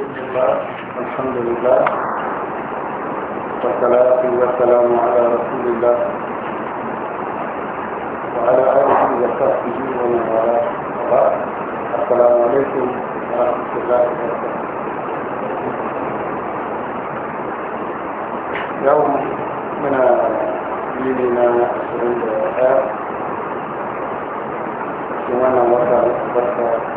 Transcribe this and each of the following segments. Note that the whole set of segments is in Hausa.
الحمد لله والصلاة والسلام على رسول الله وعلى آله وصحبه ومن والاه السلام عليكم ورحمة الله وبركاته يوم من ليلنا عشرين دقيقة وانا وقت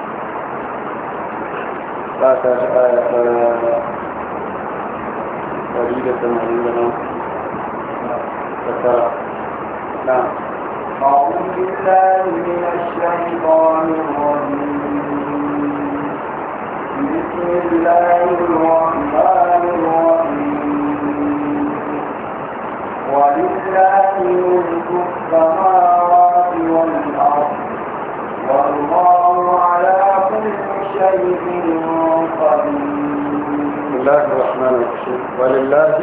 لا تشقى فريدة عندنا فترى نعم أعوذ بالله من الشيطان الرجيم بسم الله الرحمن الرحيم ولله ملك السماوات والأرض والله شيء قدير الله الرحمن الرحيم ولله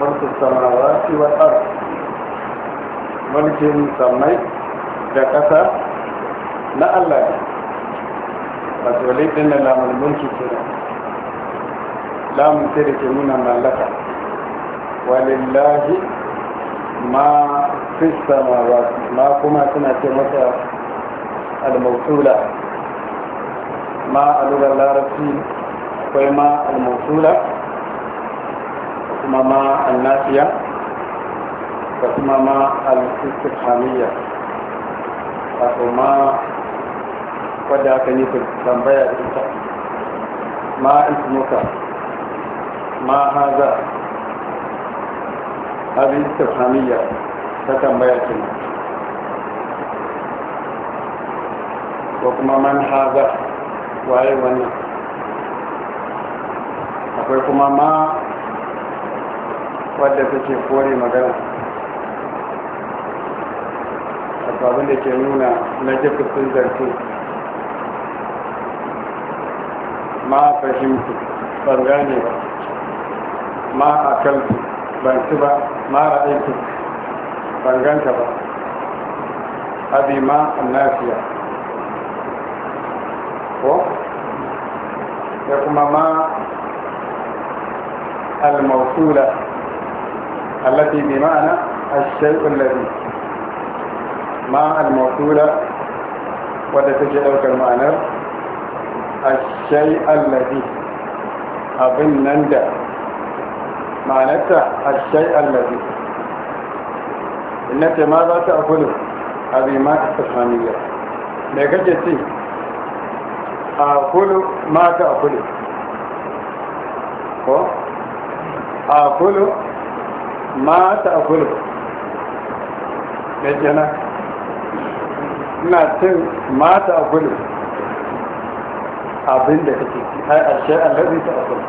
ملك السماوات والأرض ملك سمي دكتا لا الله مسؤولية إن لام الملك كنا لام تلك من ملكة ولله ما في السماوات ما كما سنة متى الموصولة ma a lugar larabci akwai ma al-mausula kuma ma al-nafiya da kuma ma al-istifhamiyya wato ma wadda aka yi tambaya da ita ma ismuka ma haza abin istifhamiyya ta tambaya kenan ko kuma man haza waye wannan akwai kuma ma wadda take kore magana abin da ke nuna na jefifin zarfi ma fahimtu ban gane ba ma akaltu ban ci ba ma ra'aitu ban ganta ba abi ma annafiya ko يقوم ما الموصولة التي بمعنى الشيء الذي ما الموصولة ولتجعلك المعنى الشيء الذي أظن معناته الشيء الذي إنك ماذا تأكله هذه ما استفهامية لقد جئت akulu ma ta akulu ko akulu ma ta akulu da na? ina cin ma ta akulu abin da kake ci ai ashe allazi ta akulu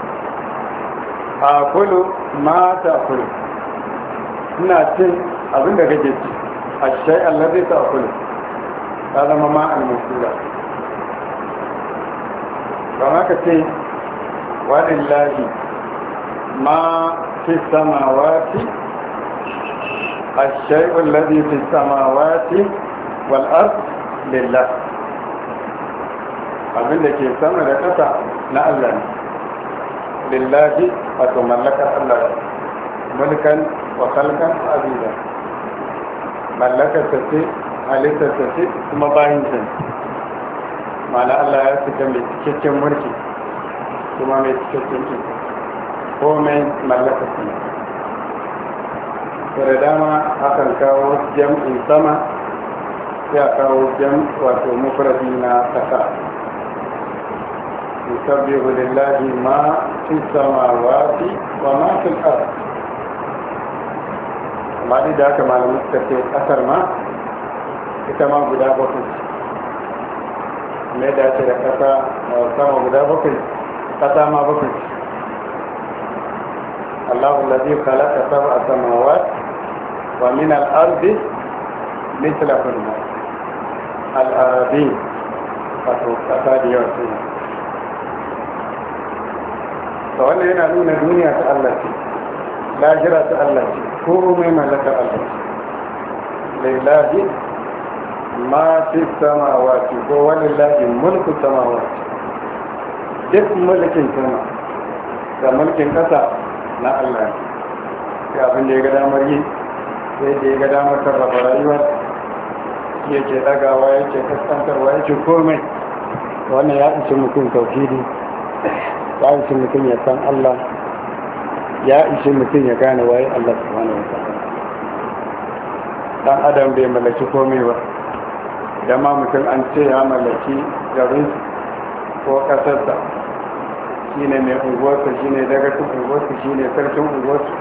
akulu ma ta akulu ina cin abin da kake ci a ashe allazi ta akulu ta zama ma'al musula kama ka ce walillahi ma fi samawati الشيء الذي في السماوات والأرض لله abin da ke sama da ƙasa na Allah ne lillahi wato mallakar Allah ne mulkan wa khalqan aziza mallakar ta ce halittar ta ce kuma bayin ta mana Allah ya fita mai cikakken mulki kuma mai cikakken iko ko mai mallaka suna da dama akan kawo jam'in sama ya kawo jam wato mufarafi na kasa يسبح لله ما في wa ma في الأرض amma duk da haka malamin suka ce kasar ma ita ma guda bakwai mai da ake da kasa sama guda bakwai kasa ma bakwai Allahu lazi khalaqa sab'a samawat wa min al-ardi mithlahunna al-arabi wato kasa da yawa ce to wannan yana nuna duniya ta Allah ce lahira ta Allah ce ko mai mallakar Allah ce lillahi ma fi samawati ko wani lafi mulku samawati duk mulkin sama da mulkin kasa na Allah ya abin da ya ga damar yi sai da ya ga damar rayuwa rayuwar yake dagawa yake kaskantarwa ce komai wannan ya ishi mutum tauhidi ya ishi mutum ya san Allah ya ishi mutum ya gane waye Allah subhanahu wa ta'ala dan adam bai mallaki komai ba idan ma mutum an ce ya mallaki garin ko ƙasarsa shi ne mai unguwarsu shi ne dagatin unguwarsu shi ne sarkin unguwarsu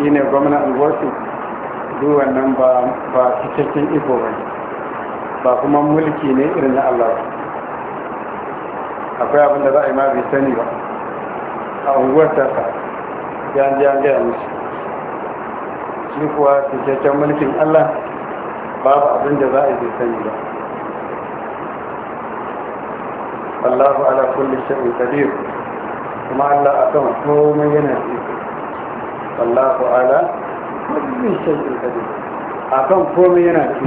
shi ne gwamnan unguwarsu duk wannan ba cikakken iko ba ba kuma mulki ne irin na Allah akwai abin da za a yi ma bai sani ba a unguwarsa ka ya ji an gaya musu shi kuwa cikakken mulkin Allah babu abin da za a yi sani ba Allahu ala kulli shay'in qadir kuma Allah a akan komai yana da iko Allahu ala kulli shay'in a kan komai yana da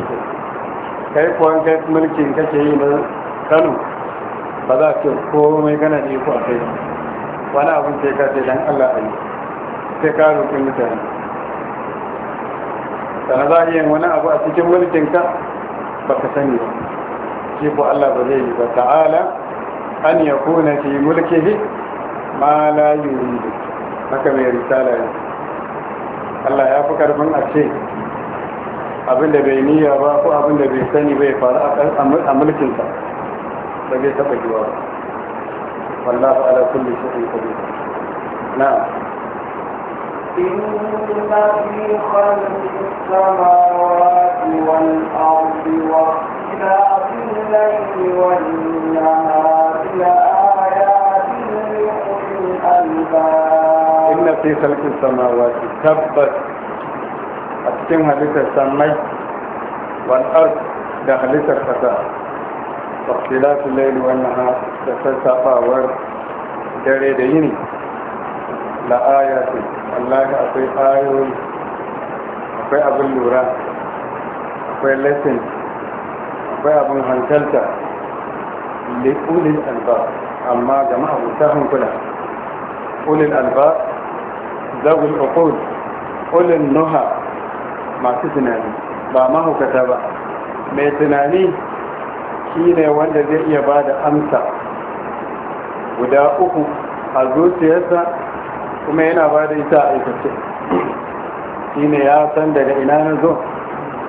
kai kuwan kai mulkin kake yi na Kano ba za ka komai gana da iko a kai wani abin sai ka ce dan Allah a yi sai ka roƙi mutane sana za a iya wani abu a cikin mulkinka ba ka sani ba shi ko Allah ba zai yi ba ta'ala an ya kuna fi mulkihi ma la yuridu haka mai risala ne Allah ya fi karfin a ce abinda bai niyya ba ko abinda bai sani bai faru a mulkinsa ba zai taɓa yiwa ba wallahu ala kulli shay'in qadir na'am إن في خلق السماوات والأرض واختلاف الليل والنهار لآيات لأولي الألباب إن في خلق السماوات تبت أتم هلسة السمي والأرض da الفتاة واختلاف الليل laili wannan ha da sassafawar wallahi akwai ayoyi akwai abin lura akwai lesson akwai abin hankalta liƙulin alba amma jama'a ma'abuta hankula ƙulin alba zagun ƙwaƙon ƙulin Noha, masu tunani ba mahaukata ba mai tunani shi ne wanda zai iya ba da amsa guda uku a zuciyarsa kuma yana ba da ita a aikace shi ne ya san daga ina na zo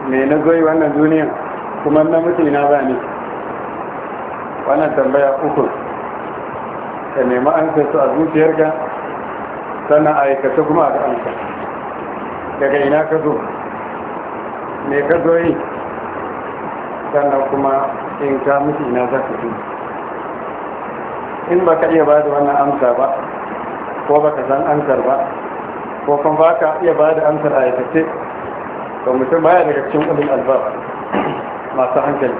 me na zoyi wannan duniya kuma na mutu ina ba ne wannan tambaya uku ka nemi an su a zuciyarka sannan aikace kuma a ga daga ina ka zo me ka zo yi sannan kuma in ka mutu ina za ka zo in ba ka iya ba da wannan amsa ba ko baka san ansar ba ko kuma baka iya ba da ansar a aikace ko mutum baya daga cikin ulul albab masu hankali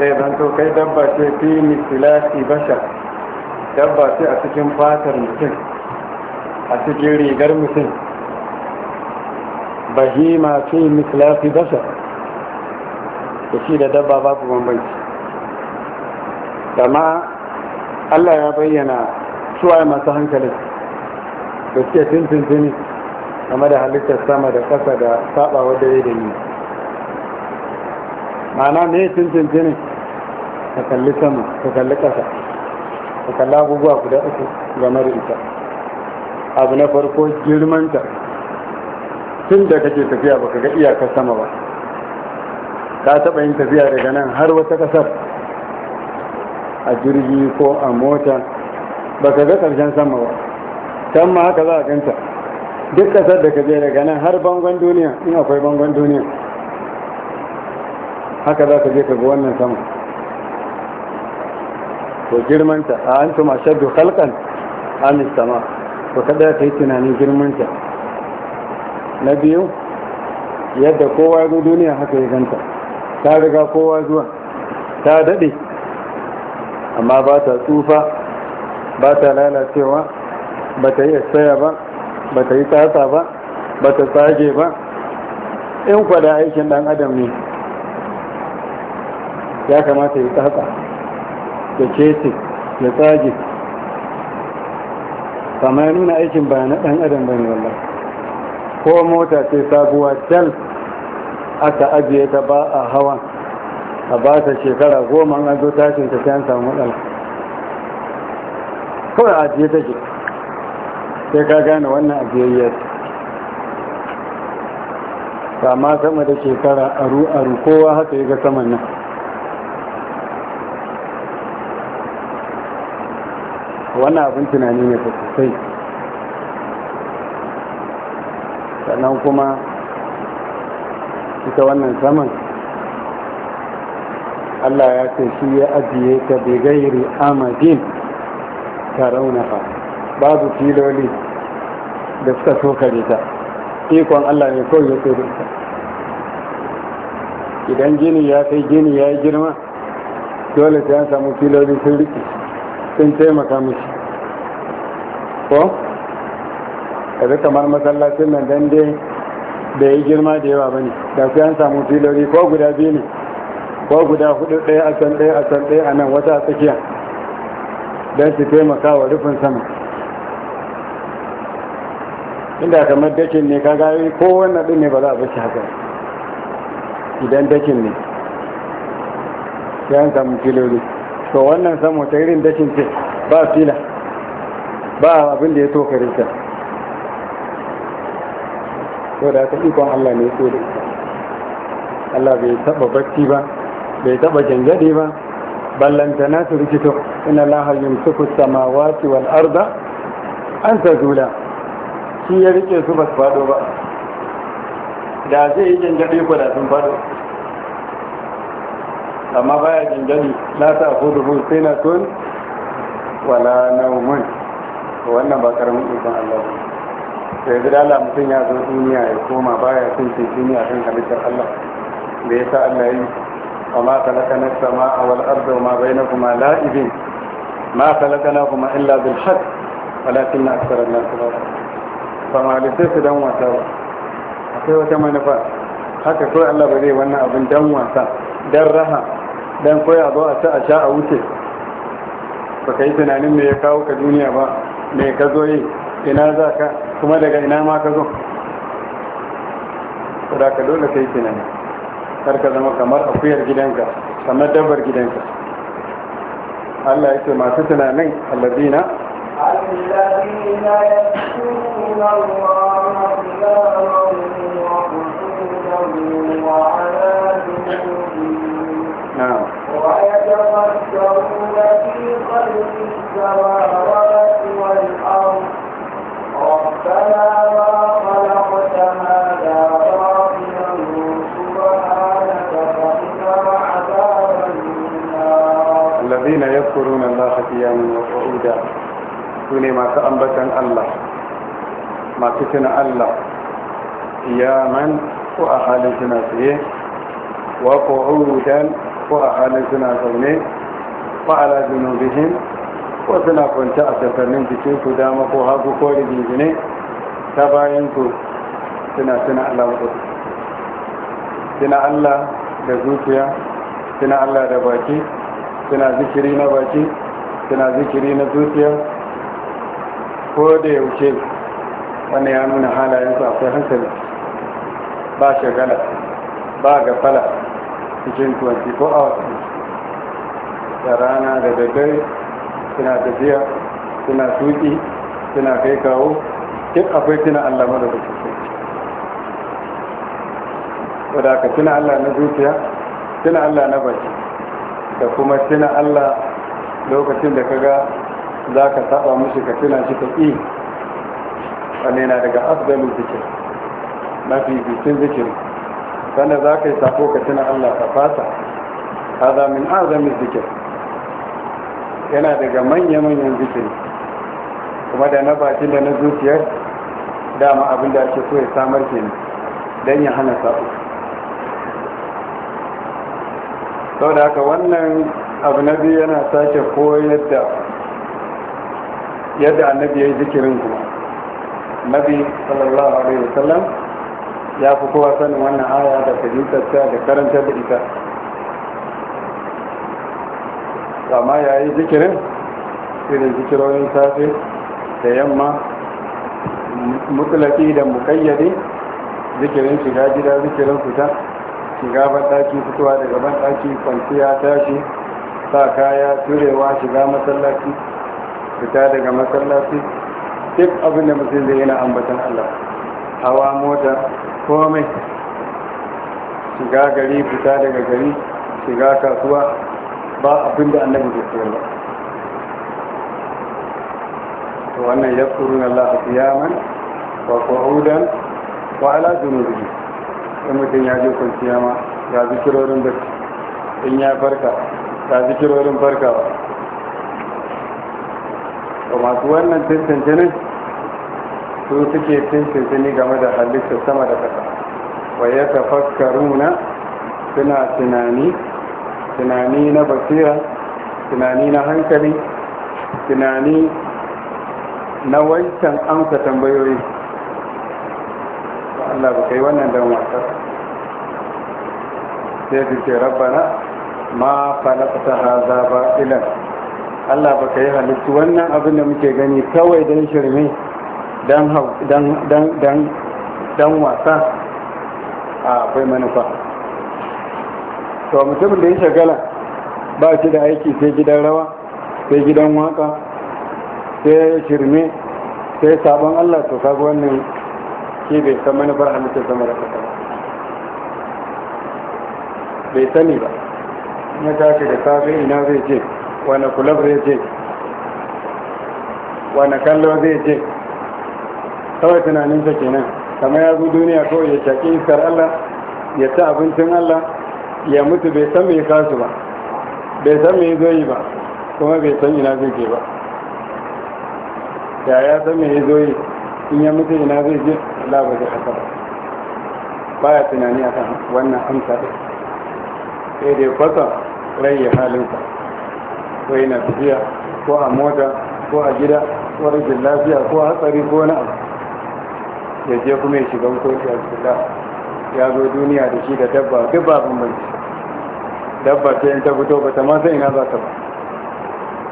sai zan to kai dabba ce fi misilati bashar dabba ce a cikin fatar mutum a cikin rigar mutum bahima fi misilati bashar da shi da dabba babu bambanci kama Allah ya bayyana suwaye masu hankali da suke tuntuntuni game da halittar sama da ƙasa da saba wadda ya da yi ma'ana me tuntuntuni ka kalli sama ta kalli ƙasa ta kalli abubuwa guda uku game da ita abu na farko girmanta tun da kake tafiya baka ga iyakar sama ba ka taɓa yin tafiya daga nan har wata ƙasar a jirgi ko a mota ba ka ga ƙarshen sama ba can ma haka za a ganta duk ƙasar da ka je daga nan har bangon duniya in akwai bangon duniya haka za ka je ka ga wannan sama Ko girmanta a an tuma shaddu halkan amin sama ko kada ka yi tunanin girmanta na biyu yadda kowa zo duniya haka ya ganta ta riga kowa zuwa ta daɗe amma ba ta tsufa ba ta lalacewa ba ta yi tsaya ba ba ta yi tsatsa ba ba ta tsage ba in kwada aikin dan adam ne ya kamata yi tsatsa ya cece ya tsage kama ya nuna aikin ba na dan adam ba ne wallah ko mota ce sabuwa can aka ajiye ta ba a hawan a ba ta shekara goma an zo tashin ta samu matsala kawai ajiye take sai ka gane wannan ajiyayyar ma sama da shekara aru-aru kowa haka yi ga saman nan wannan abin tunani ne sosai sannan kuma ita wannan saman Allah ya ce shi ya ajiye ta bigayiri amadin tarawunaha babu filoli da suka tokare ta ikon Allah ne kawai ya tsoro ta idan gini ya kai gini ya yi girma dole ta yan samu filoli sun riƙe sun taimaka mishi ko zai kamar masallacin nan dan dai da ya yi girma da yawa bane da su yan samu filoli ko guda biyu ne ko guda hudu ɗaya a can ɗaya a can ɗaya a nan wata a tsakiya don su taimaka wa rufin sama inda kamar dakin ne ka gari wannan ɗin ne ba za a bashi haka idan dakin ne yan samun samu filoli to wannan samun ta irin dakin ce ba fila ba abin da ya toka rita to da ta ikon allah ne so da ita allah bai taba bacci ba bai taba jangade ba ballantana su rikito ina laha yumsiku samawati wal arda an tazula shi ya rike su ba su fado ba da zai yi jangade ko da sun fado amma baya jangade la ta hudu sai na tun wala naumun wannan ba karamin ikon Allah ba sai da Allah mutum ya zo duniya ya koma baya cin cin duniya kan halittar Allah da ya sa Allah ya yi وما خلقنا السماء والأرض وما بينهما لائبين ما خلقناهما إلا بالحق ولكن أكثر الناس لا فما لسيس دم وسوا akwai wata manufa haka kawai Allah ba zai wannan abin dan wasa dan raha dan koya zo a ci a sha a wuce ba ka yi tunanin me ya kawo ka duniya ba me ka zo yi ina za ka kuma daga ina ma ka zo ka dole ka tunani kar ka zama kamar akuyar gidanka kamar dabbar gidanka Allah ya ce masu tunanin allazina الذين يذكرون الله الذين يذكرون الله قياما وقعودا سوني ما تأنبتا الله ما تتنا الله قياما وأحالا سناسيه وقعودا وأحالا سناسيه وعلى ذنوبهم وسنا كنت أتفنن جتنك دامك وهاك كوري بيجني تباينك سنا سنا الله وقعودا سنا الله da zuciya suna Allah da baki suna zikiri na baki suna zikiri na zuciya ko da yaushe wanda ya nuna halayen su akwai hankali ba shagala ba gafala cikin 24 hours da rana da daddare suna tafiya suna tuki suna kai kawo duk akwai tuna allah da kusurci wadda ka tuna allah na zuciya tuna allah na baki da kuma tuna Allah lokacin da kaga za ka saba mushi ka tuna shi ta ƙi wannan na daga afdalu zikir mafi bikin zikir sannan za ka yi sako ka tuna Allah ka fasa hada min azamin zikir yana daga manya-manyan zikir kuma da na bakin da na zuciyar dama abin da ake so ya samar ke don ya hana sako sau da haka wannan abu na biyu yana sake koyar da yadda annabi ya yi zikirin kuma nabi sallallahu alaihi wasallam ya fi kowa sanin wannan aya da fahimtarta da karanta da ita amma ya yi zikirin irin zikirorin safe da yamma mutulaki da mukayyade zikirin shiga gida zikirin fita shiga banɗaki fitowa daga banɗaki kwanciya tashi sa kaya turewa shiga masallaci fita daga masallaci duk abin da mutum zai yana ambatan Allah hawa mota komai shiga gari fita daga gari shiga kasuwa ba abin da annabi zai sayar ba to wannan yadkuruna Allah qiyaman wa qu'udan wa ala junubihim in mutum ya je kwanciya ma ga zikirorin bacci in ya farka ga zikirorin farkawa to masu wannan tantance ne su suke tantance ne game da halittar sama da ƙasa wa ya tafakkaruna suna tunani tunani na basira tunani na hankali tunani na wancan amsa tambayoyi Allah ba kai wannan dan wasa sai su ce rabbana ma falaqta hadha ilan. Allah ba kai halittu wannan abin da muke gani kawai dan shirme dan dan dan dan wasa akwai manufa to mutumin da ya shagala ba shi da aiki sai gidan rawa sai gidan waka sai shirme sai sabon Allah to kaga wannan shi bai san manufar halittar sama da kasa bai sani ba na tashi da safe ina zai je wani kulab zai je wani kallo zai je kawai tunaninsa kenan kama ya zo duniya kawai ya shaƙi iskar allah ya ci abincin allah ya mutu bai san mai kasu ba bai san mai zo yi ba kuma bai san ina zai je ba ya ya san mai zo yi in ya mutu ina zai je la ba zai ba baya tunani akan wannan amsa ɗin sai dai rai ya halinsa ko yana tafiya ko a mota ko a gida ko rashin lafiya ko hatsari ko na abu ya je kuma ya shiga kotu a cikin ya zo duniya da shi da dabba duk ba bai dabba ta yin ta fito ba ta ma sai ina za ta ba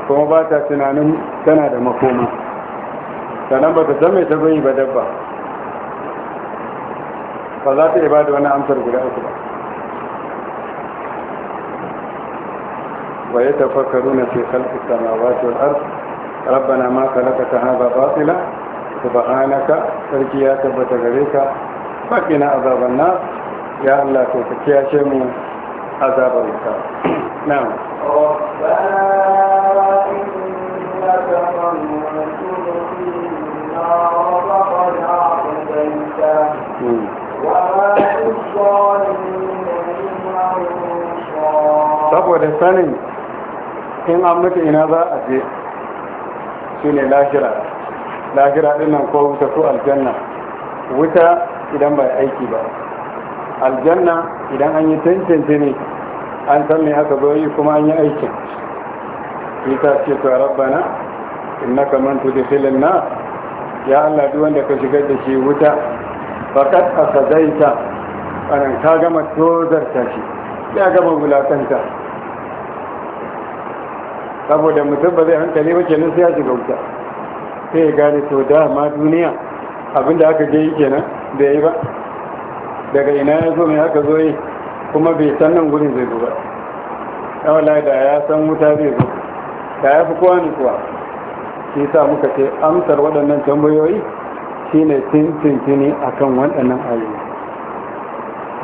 kuma ba ta tunanin tana da makoma sannan ba ka san mai tazo yi ba dabba ba za ta iya ba da wani amsar guda uku ba wa ya tafakkaru na fi khalqi samawati wal ard rabbana ma khalaqta hadha batila subhanaka sarki ya tabbata gare ka faƙina azaban nas ya Allah to ka kiyashe mu azabar wuta na'am saboda sanin in an mutu ina za a je shi ne lahira lahira ɗin nan ko wuta ko aljanna wuta idan bai aiki ba aljanna idan an yi tantance ne an san me aka zo kuma an yi aikin Isa ce to rabbana mantu da filin na ya Allah duk wanda ka shigar da shi wuta a akhadaita anan ka gama tozarta shi ya gama wulakanta saboda mutum ba zai hankali ba kenan sai ya shiga wuta sai ya gane to da ma duniya abinda aka je kenan da ya yi ba daga ina ya zo mai aka zo yi kuma bai san nan gurin zai zo ba yawala da ya san wuta zai zo da ya fi kowa kuwa shi sa muka ce amsar waɗannan tambayoyi shine tintintini kan waɗannan ayoyi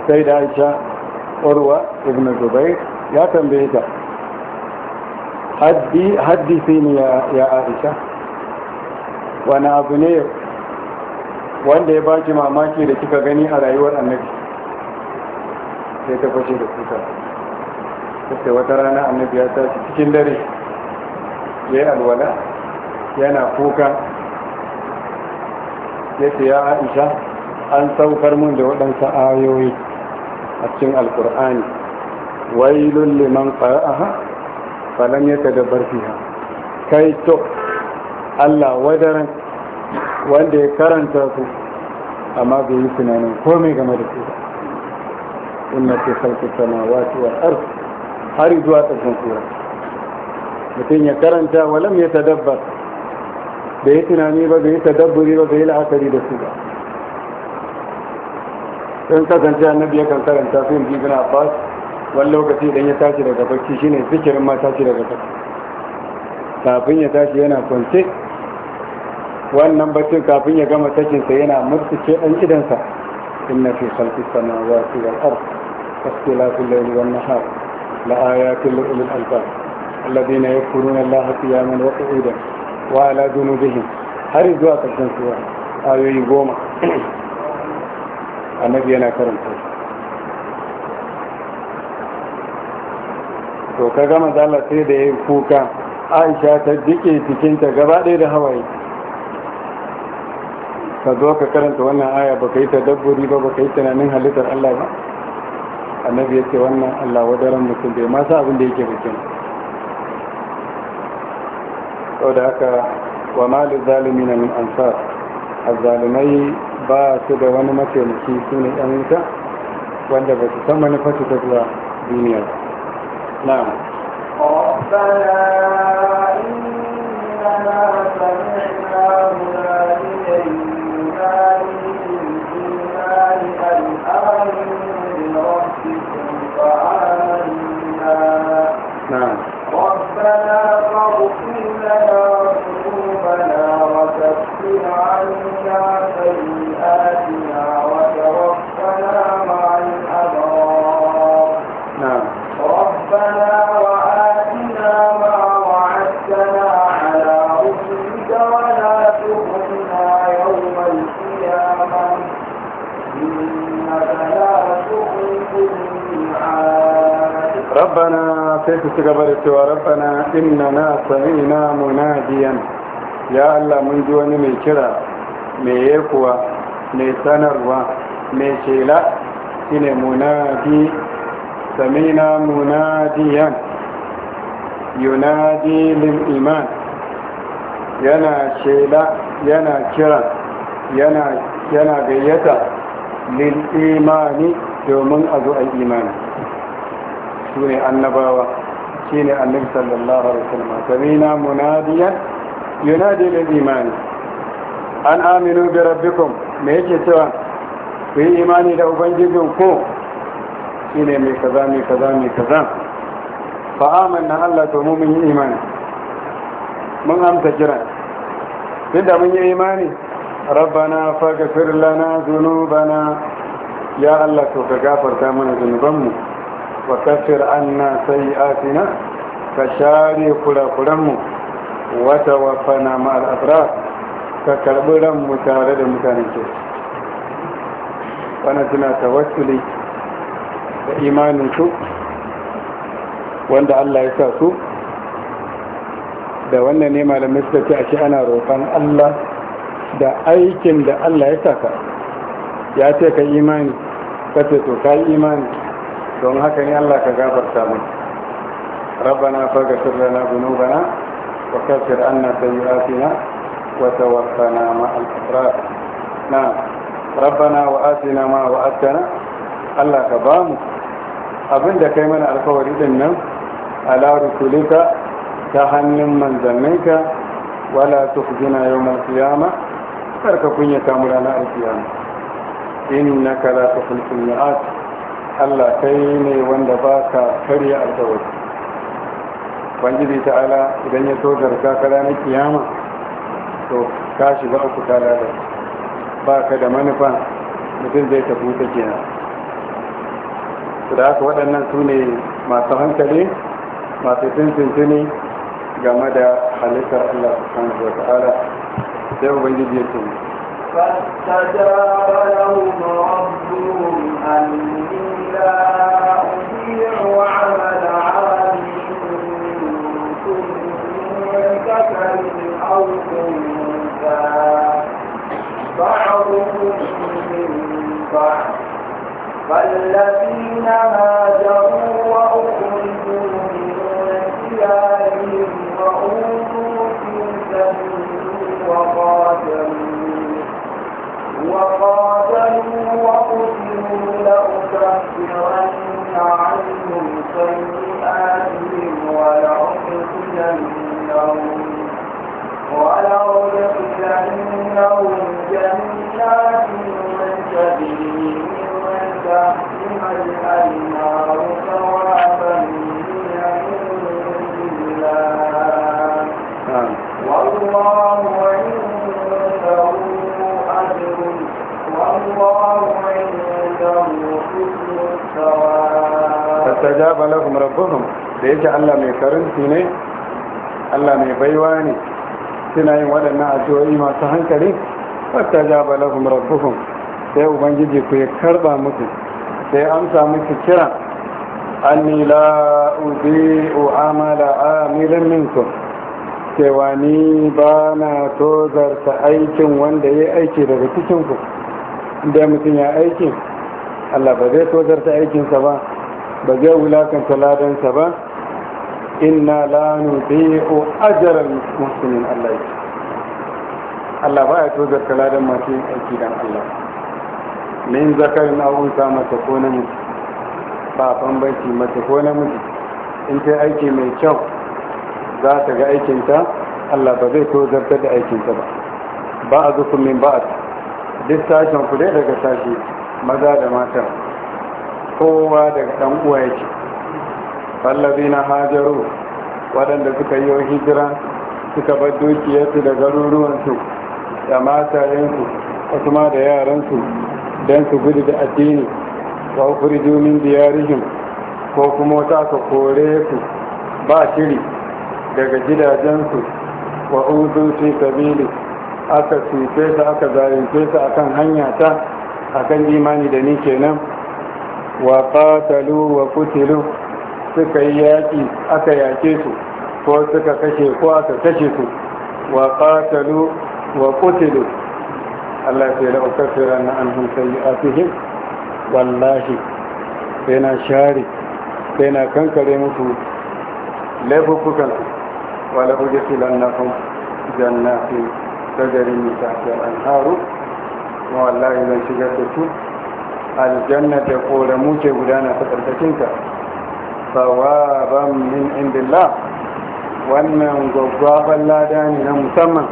sai da aisha orwa ibn zubair ya tambaye ta haddisi ne ya aisha wani abu ne wanda ya baki mamaki da kika gani a rayuwar annabi sai ta fashe da kuka sai wata rana annabi ya tashi cikin dare ya yi alwala yana kuka ya ce ya aisha an saukar mun da waɗansa ayoyi a cikin alkur'ani wailun liman ƙara'aha falam ya dabar fiha kai to Allah wadaran wanda ya karanta su amma bai yi tunanin komai game da su inna fi khalqis samawati wal ard har zuwa tsakon kura mutum ya karanta walam ya tadabbar bai yi tunani ba bai yi tadabburi ba bai yi la'akari da su ba sun kasance annabi ya kan karanta su yin bibin abbas wani lokaci idan ya tashi daga bacci shine zikirin ma tashi daga bacci kafin ya tashi yana kwance wannan baccin kafin ya gama sakinsa yana murtuke ɗan idansa inna fi khalqi samawati wal ard ikhtilafi al-layli wan nahar la ayatin li ulil albab alladhina yadhkuruna allaha qiyaman wa qu'udan wa ala junubihim har zuwa karshen sura ayoyi goma annabi yana karanta to ka gama zala sai da ya kuka aisha ta jike cikinta gaba ɗaya da hawaye ka zo ka karanta wannan aya ba ka yi ta dabbori ba ba ka yi tunanin halittar allah ba annabi ya ce wannan allah wadaran mutum bai masa abin da yake bikin sau da haka wa malu zalimi na min ansar azzalimai ba su da wani mataimaki su ne yan wuta wanda ba su san manufarsu ta zuwa duniya ba نعم ربنا إننا سمعنا مناديا ci gaba da cewa rabbana na sami'na munadiyan ya Allah mun ji wani mai kira mai yekuwa mai sanarwa mai shela shine munadi sami'na munadiyan yunadi lil iman yana shela yana kira yana yana gayyata lil imani domin a al imani sune annabawa شين النبي صلى الله عليه وسلم سمينا مناديا ينادي للإيمان أن آمنوا بربكم ميكي سوا في إيماني لأبنجزوا كو شين مي كذا مي كذا مي كذا فآمنا الله تموم إيمان من أمس جرا تدى من إيماني ربنا فاغفر لنا ذنوبنا يا الله تغفر تامنا ذنوبنا وكفر عنا سيئاتنا كشاري ka كلمو وتوفنا مع الأبرار ككرب لم متارد متانك ونسنا توسلي إيمانك wanda Allah ya sa su da wannan ne malamin suka ce ashe ana roƙon Allah da aikin da Allah ya saka ya ce ka imani ka ce to ka imani don haka ne Allah ka gafarta mu rabbana faghfir lana dhunubana wa kaffir anna sayyi'atina wa tawaffana ma'al abrar na rabbana wa atina ma wa'adtana Allah ka ba mu abinda kai mana alkawari din nan ala rusulika ta hannun manzanninka wala tukhzina yawmal qiyamah karka kunya ta mu ranar alkiyama innaka la tukhlifu al-mi'ad Allah kai ne wanda ba ka karya alkawari ubangiji ta'ala idan ya so zarga ka ranar kiyama to ka shiga uku ta lalata ba ka da manufa mutum zai tafi ta kenan da haka waɗannan su ne masu hankali masu tuntuntuni game da halittar Allah subhanahu wa ta'ala sai ubangiji ya ce فاستجاب لهم ربهم أني لا أضيع عمل عامل منكم من ذكر أو أنثى بعضكم من بعض فالذين هاجروا وأخرجوا وقاتلوا وقتلوا لأكفرن عنهم سيئاتهم ولأدخلنهم ولأدخلنهم جنات تجري من تحتها الأنهار فاستجاب لهم ربهم da yake Allah mai karinci ne Allah mai baiwa ne suna yin waɗannan addu'o'i masu hankali fastajaba lahum rabbuhum sai ubangiji ku ya karba musu sai amsa muku kira anni la udhi'u amala amilan minkum cewa ni ba na tozarta aikin wanda ya aiki daga cikin ku inda mutum ya aiki Allah ba zai ta aikinsa ba ba zai wulakanta ladansa ba inna la nudhi'u ajra al musulmin, Allah ya Allah ba ya ta ladan masu yin aiki dan Allah min zakarin aw unsa mata ko namiji ba bambanci mata ko namiji in ta aiki mai kyau za ta ga aikinta Allah ba zai ta da aikinta ba ba a zukun min ta, duk sashen ku dai daga sashi maza da mata kowa daga ɗan uwa yake fallabi na hajaru waɗanda suka yi hijira suka bar dukiyarsu da garuruwansu da matayensu wasu ma da yaransu don su gudu da addini wa kurju min diyarihim ko kuma ta ka kore su ba shiri daga gidajensu wa uzu fi sabili aka cuce su aka zalunce su akan hanya ta akan imani da ni kenan wa qatalu wa qutilu suka yi yaƙi aka yake su ko suka kashe ko aka kashe su wa qatalu wa qutilu Allah ya da ukafira na an hun sayyi'atihim wallahi sai na share sai na kankare musu laifukan wala ujsilannakum jannatin tajri min tahtiha al-anharu kuma wallahi zan shigar da su aljanna da koramu ke gudana ta karkashinka sawaban min indillah wannan gwaggwaban lada ne na musamman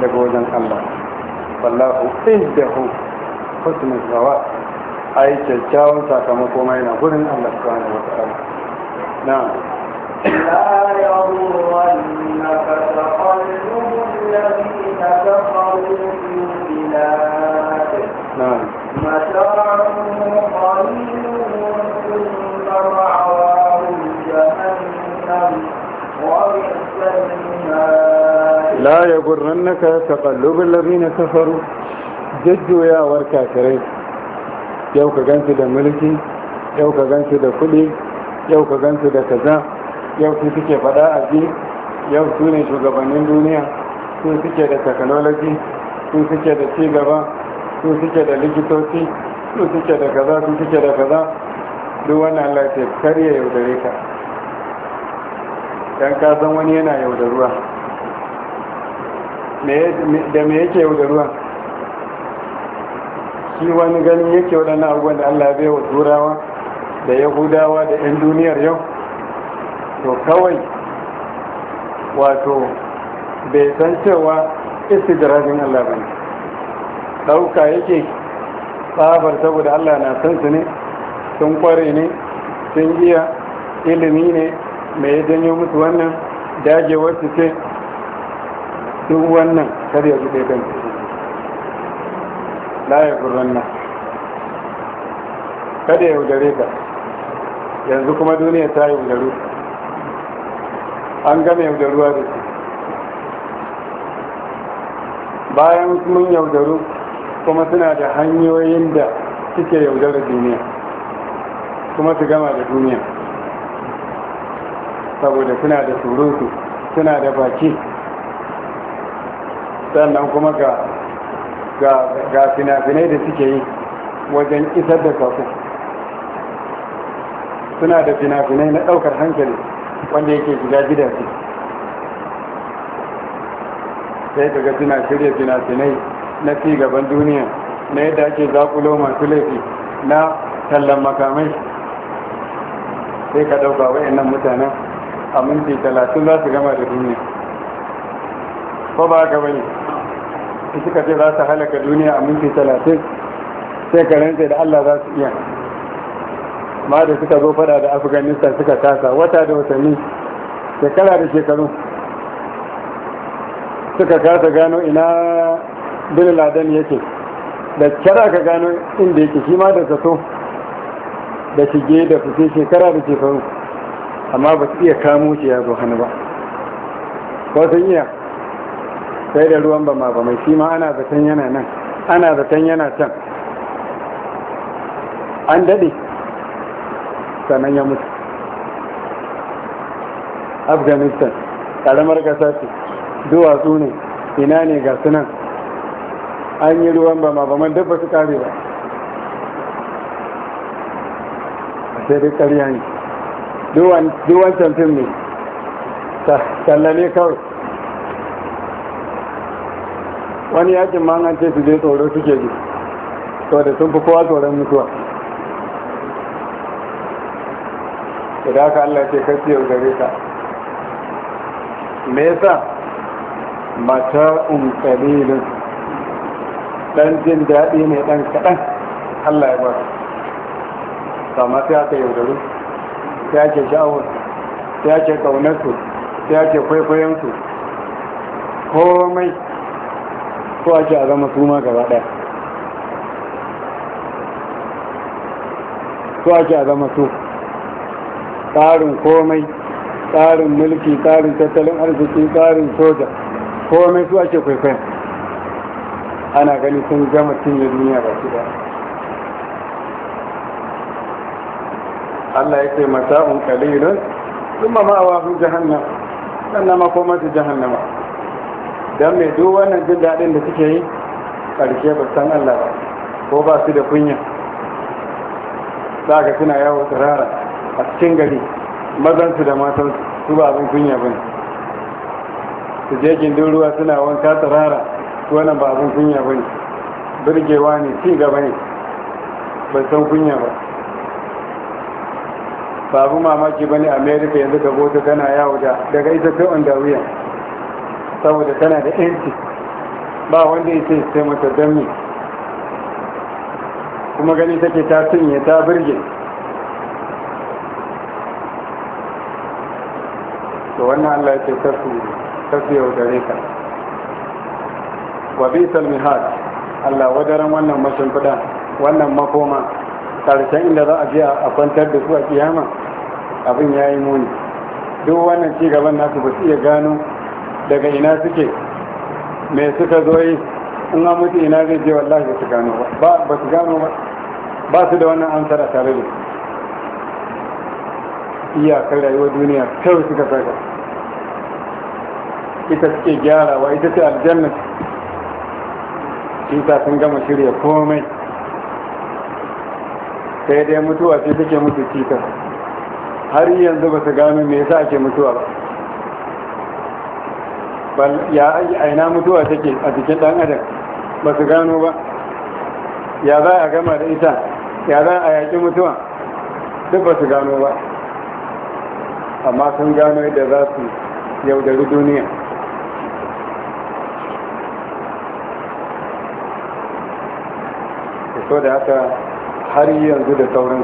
daga wajen Allah wallahu indahu husnul sawa ai kyakkyawan sakamako mai na gurin Allah subhanahu wa ta'ala na'am لا يغرنك تقلب الذين كفروا في البلاد نعم متاع قليل ثم مأواهم جهنم وبئس لا يغرنك تقلب الذين كفروا جدوا يا وركاكرين yau ka gansu da mulki yau ka gansu da kuɗi yau ka gansu da kaza yau su suke faɗa a ji yau su shugabannin duniya su suke da technology su suke da cigaba su suke da likitoci su suke da kaza su suke da kaza duk wannan Allah ce karya yaudare ka dan ka san wani yana yau da me yake ruwa shi wani ganin yake waɗannan abubuwan da Allah bai wa turawa da yahudawa da 'yan duniyar yau to kawai wato bai san cewa istidrajin Allah bane ɗauka yake tsabar saboda allah na san su ne sun kware ne sun iya ilimi ne mai ya janyo musu wannan daji, su ce duk wannan kar ya zuɗe kan laye ya nan kada ya yaudare ka yanzu kuma duniya ta yaudaru an gama yaudaruwa da su bayan mun yaudaru kuma suna da hanyoyin da suke yaudar duniya kuma su gama da duniya saboda suna da surutu suna da baki sannan kuma ga ga finafinai da suke yi wajen isar da sako suna da finafinai na ɗaukar hankali wanda yake shiga gidaje sai kaga suna shirya finafinai. na ci gaban duniya na yadda ake zakulo masu laifi na tallan makamai sai ka ɗauka nan mutanen a minti talatin za su gama da duniya ko ba ka bane su suka ce za su halaka duniya a minti talatin sai ka rantse da allah za su iya ma da suka zo fada da afghanistan suka tasa wata da watanni shekara da shekaru suka kasa gano ina bin laden yake da kyara ka gano inda yake shi ma da zato da shige da fice shekara da shekaru amma ba su iya kamo shi ya zo hannu ba ko sun iya sai da ruwan ba ma ba mai shi ma ana zaton yana nan ana zaton yana can an daɗe sannan ya mutu afghanistan ƙaramar ƙasa ce duwatsu ne ina ne ga sunan an yi ruwan ba ma ba man dabba su kare ba sai dai karya ne duwan canfin ne tallane kawai wani yakin ma an ce su je tsoro suke ji to da sun fi kowa tsoron mutuwa da ka Allah ce kai yau gare ka me yasa mata um dan jin daɗi ne ɗan kaɗan Allah ya ba ma sai aka yaudaru sai ake sha'awar sai ake ƙaunarsu sai ake kwaikwayonsu komai ko ake a zama suma gaba ɗaya ko ake a zama su tsarin komai tsarin mulki tsarin tattalin arziki tsarin soja komai su ake kwaikwayonsu ana gani sun gama cinye duniya ba su Allah ya ce un kalilun sun ma a wafin jahannama sannan makomar su jahannama don mai duk wannan jin daɗin da suke yi ƙarshe ba san Allah ba ko ba su da kunya za ka suna yawo tsirara a cikin gari mazansu da matansu su ba abin kunya ba ne su je gindin ruwa suna wanka tsirara wannan ba abin kunya ba ne birgewa ne ci gaba ne ba san kunya ba babu mamaki ba ne america yanzu ka bota tana yawo da daga ita sai on da wuya saboda tana da yanci ba wanda ya ce sai mata ne kuma gani take ta tunye ta birge to wannan allah ya ce kasu yau da ka wa bi mihad Allah wadaran wannan mashimfiɗa wannan makoma karshen inda za a je a kwantar da su a kiyama abin ya yi muni duk wannan ci gaban nasu ba su iya gano daga ina suke me suka zo yi in an mutu ina zai je wallahi ba su gano ba ba su gano ba ba su da wannan amsar a tare da iyakar rayuwar duniya kawai suka saka ita suke gyarawa ita ce aljanna shi sun gama shirya komai sai dai mutuwa ce take mutu cika har yanzu ba su gano me yasa ake mutuwa ba ya aina mutuwa take a cikin dan adam ba su gano ba ya za a gama da ita ya za a yaƙi mutuwa duk ba su gano ba amma sun gano yadda za su yaudari duniya so da haka har yanzu da sauran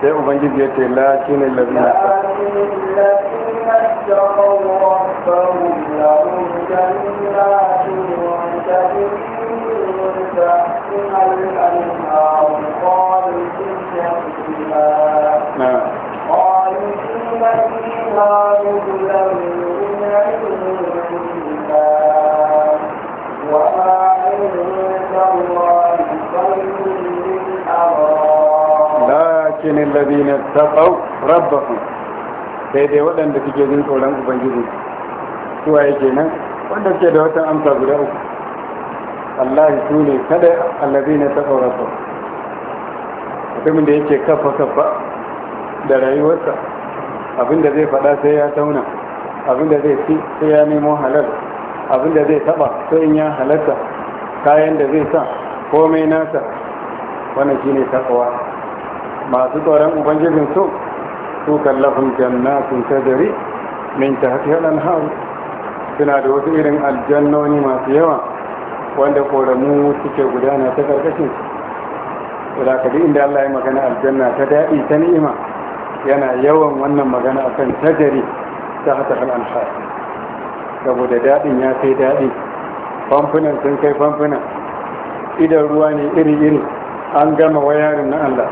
sai ubangiji ya ce lakinin lalina وما عند الله walakin alladhina taqaw rabbahum sai dai waɗanda suke jin tsoron ubangiji su waye kenan wanda suke da wata amsa guda uku Allah su ne kada alladhina taqaw rabbahum mutumin da yake kafa kafa da rayuwarsa abinda zai faɗa sai ya tauna abinda zai ci sai ya nemo halal abinda zai taba sai in ya halatta kayan da zai sa komai nasa wannan shine takawa masu tsoron ubangijin su su kallafin jannatun ta min ta haka hau suna da wasu irin aljannoni masu yawa wanda koramu suke gudana ta karkashin su da kadi inda allah ya magana aljanna ta daɗi ta ni'ima yana yawan wannan magana akan tajari ta haka haɗan hau saboda daɗin ya kai daɗi famfunan sun kai famfunan idan ruwa ne iri-iri an gama wayarin na allah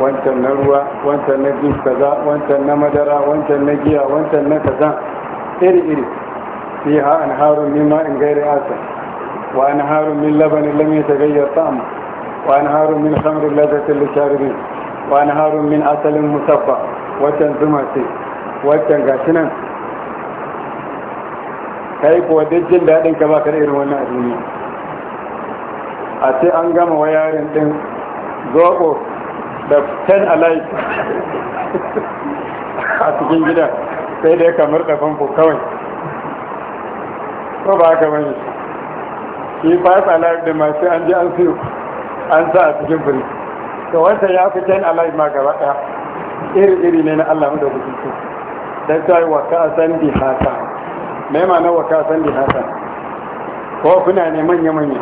wancan na ruwa wancan na jus kaza wancan na madara wancan na giya wancan na kaza iri-iri fi ha an haru min ma'in gairi asa wa an haru min labani lam yatagayyar ta'am wa an haru min khamrin lazzatin lisharibin wa an haru min asalin musaffa wancan zuma ce wancan gashi nan kai kuwa duk jin daɗin ka baka da irin wannan a duniya a ce an gama wayarin din zoɓo da 10 alive a cikin gidan sai da ya kamar ɗafan ko kawai ko ba haka mai shi 5 alive da masu an ji an siyo an sa a cikin birni to wata ya fi 10 alive ma gaba ɗaya iri-iri ne na allah da su da ta yi waka a sandi hata mai ma na waka a sandi hata ko kuna ne manya-manya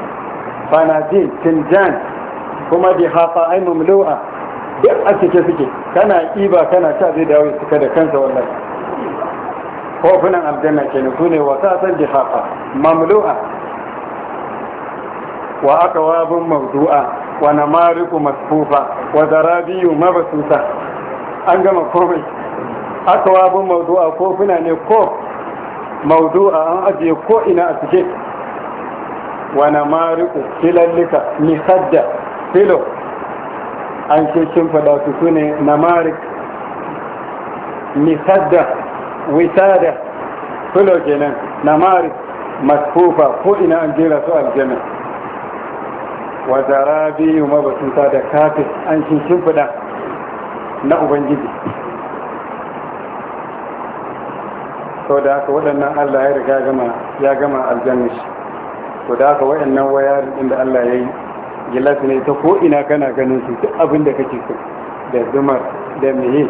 fanadin tinjan kuma di hafa ai mamlu'a duk a cike suke kana ƙiba kana ta zai dawo suka da kansa wannan kofunan aljanna ke su ne wa sasar jihafa mamlu'a wa aka wabin mawdu'a wa na mariku masfufa wa zarabiyu mabasusa an gama komai aka wabin mawdu'a kofuna ne ko mawdu'a an ajiye ko ina a cike wa na mariku filallika mihadda filo an ce fada su su ne marik misadda wisada fulo kenan marik masfufa ko ina an jera su aljanna wa sun sa da kafin an shi fada na ubangiji sau da haka waɗannan allah ya riga ya gama aljanna shi sau da haka waɗannan wayarin inda allah ya yi gilas ne ta ko'ina kana ganin su duk abin da kake so da zumar da miye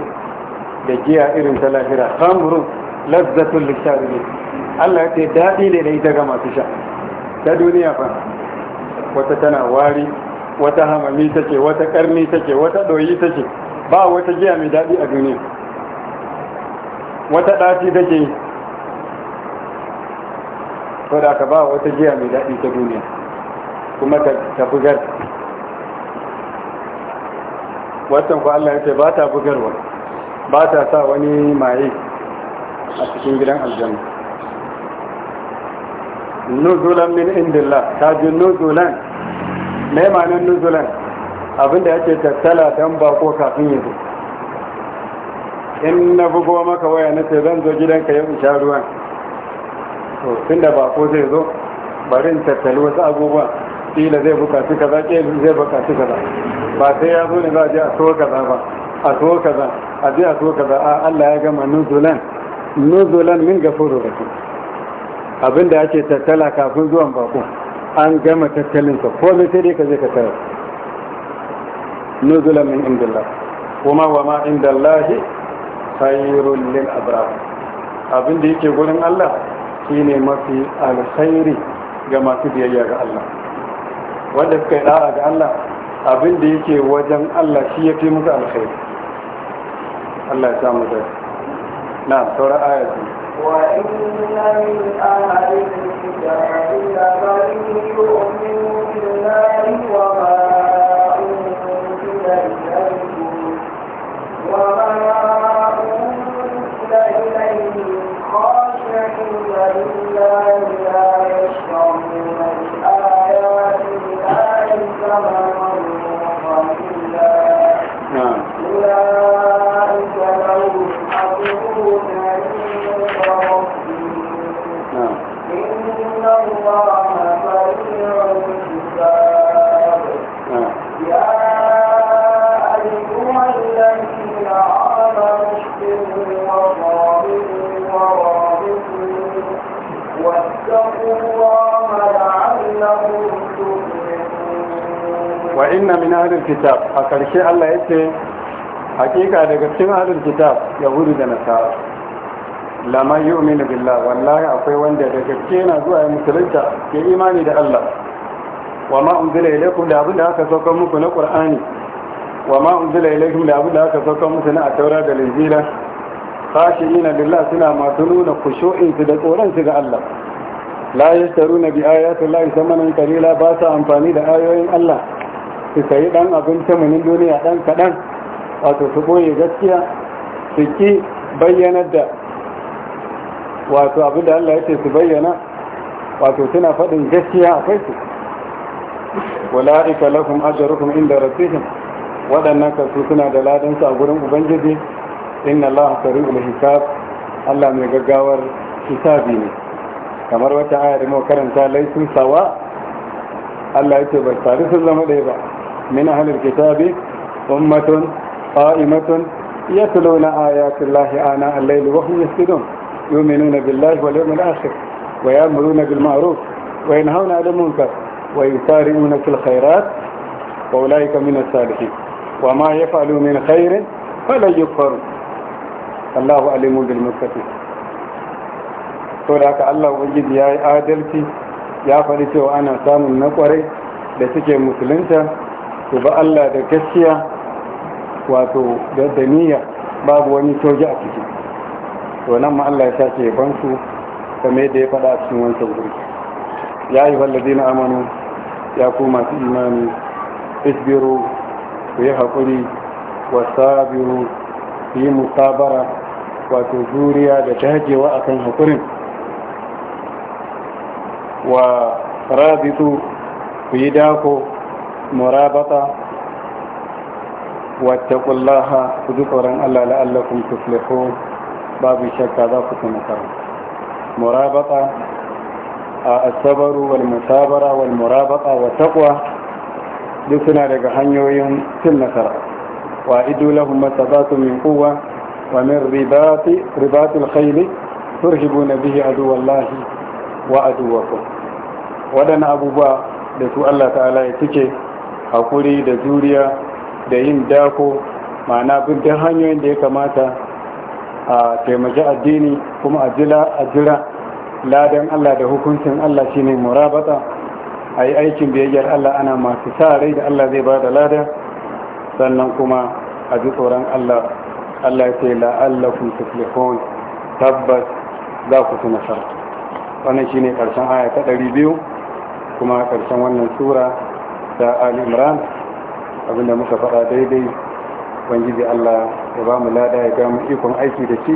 da giya irin ta lahira samurin lazzatun littari ne allah ya ce daɗi ne da ita ga masu sha ta duniya fa wata tana wari wata hamami ce wata karni ce wata ta ce ba wata giya mai daɗi a duniya wata ɗaci take ko da ka ba wata giya mai daɗi ta duniya kuma ta bugar watan ku Allah ya ce ba ta bugarwa ba ta sa wani maye a cikin gidan aljanu. nuzulan min indilla, ta ji nuzulan mai manin nuzulan abinda ce tattala don bako kafin yi. zo in na bugo maka waya na ce zan zo gidanka yau sha ruwan to tunda bako zai zo bari in tattali wasu abubuwan kila zai bukaci kaza kila zai bukaci kaza ba sai ya zo ne za a je a so kaza ba a so kaza a je a so kaza a Allah ya gama nuzulan nuzulan min gafuru da abinda yake tattala kafin zuwan bako an gama tattalin sa ko me sai dai ka je ka tara nuzulan min indillah kuma wa ma indallahi khairul lil abrar abinda yake gurin Allah shine mafi alkhairi ga masu biyayya ga Allah wanda suka yi da'a ga Allah abin da yake wajen Allah shi ya fi musu alkhairi Allah ya samu da na sauran ayatu وإن من أهل الكتاب لمن يؤمن بالله ma. kitab a ƙarshe Allah ya ce haƙiƙa daga cikin ahlul kitab yahudu da nasara lama yu'minu billah wallahi akwai wanda daga gaske zuwa ya musulunta ke imani da Allah wa ma unzila ilaykum da abin da aka saukan muku na ƙur'ani? wa ma unzila ilaykum da abin da aka saukan muku na at-taura da injila khashiina lillah suna masu nuna khushu'in da tsoron su ga Allah la yashtaruna ya ayati llahi thamanan qalila ba sa amfani da ayoyin Allah su sayi dan abin tamanin duniya dan kaɗan wato su ɓoye gaskiya su ki bayyanar da wato abin da Allah ya ce su bayyana wato suna faɗin gaskiya akwai su wala'ika lahum ajrukum inda rabbihim waɗannan su suna da su a gurin ubangiji inna Allah sari'ul hisab Allah mai gaggawar hisabi ne kamar wata ayar mu karanta laisun sawa Allah yake ba tare sun zama ɗaya ba من أهل الكتاب أمة قائمة يتلون آيات الله آناء الليل وهم يسجدون يؤمنون بالله واليوم الآخر ويأمرون بالمعروف وينهون عن المنكر ويسارعون في الخيرات وأولئك من الصالحين وما يفعلوا من خير فلن يكفروا الله عليم بالمتقين saboda haka Allah ubangiji ya yi adalci ya faɗi cewa ana samun na kwarai da suke musulunta ku ba Allah da gaskiya wato da daniya babu wani toji a cikin, to nan ma Allah ya sace yaban su kamar yadda ya faɗa a cikin wancan gurbi ya yi wallazi na amanu ya ku su imani isbiru ku yi haƙuri wa sabiru ku yi musabara wato juriya da dajewa akan haƙurin wa rabitu ku yi dako murabata wacce kullaha ku ji tsoron Allah la'allakun tuflifo babu shakka za ku tunuka murabata a asabaru wal musabara wal murabata wa taqwa duk suna daga hanyoyin cin nasara wa idu lahum masabatu min quwwa wa min ribati ribati al turhibuna bihi adu wallahi wa adu wa wadana abubuwa da su Allah ta'ala ya tuke hakuri da juriya da yin dako ma'ana bindin hanyoyin da ya kamata a taimaki addini kuma a jira ladan Allah da hukuncin Allah shine murabata a yi aikin biyayyar Allah ana masu sa rai da Allah zai ba da lada sannan kuma a ji tsoron Allah Allah ya ce la'allakum tabbas za ku fi nasara wannan shine karshen aya ta 200 kuma karshen wannan sura ta ali imran abinda muka faɗa daidai ubangiji allah ya ba mu lada ya gama ikon aiki da shi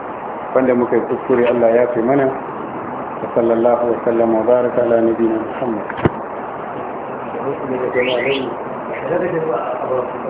wanda muka yi kuskure allah ya fi mana sallallahu wa sallam baraka وبارك على na muhammad.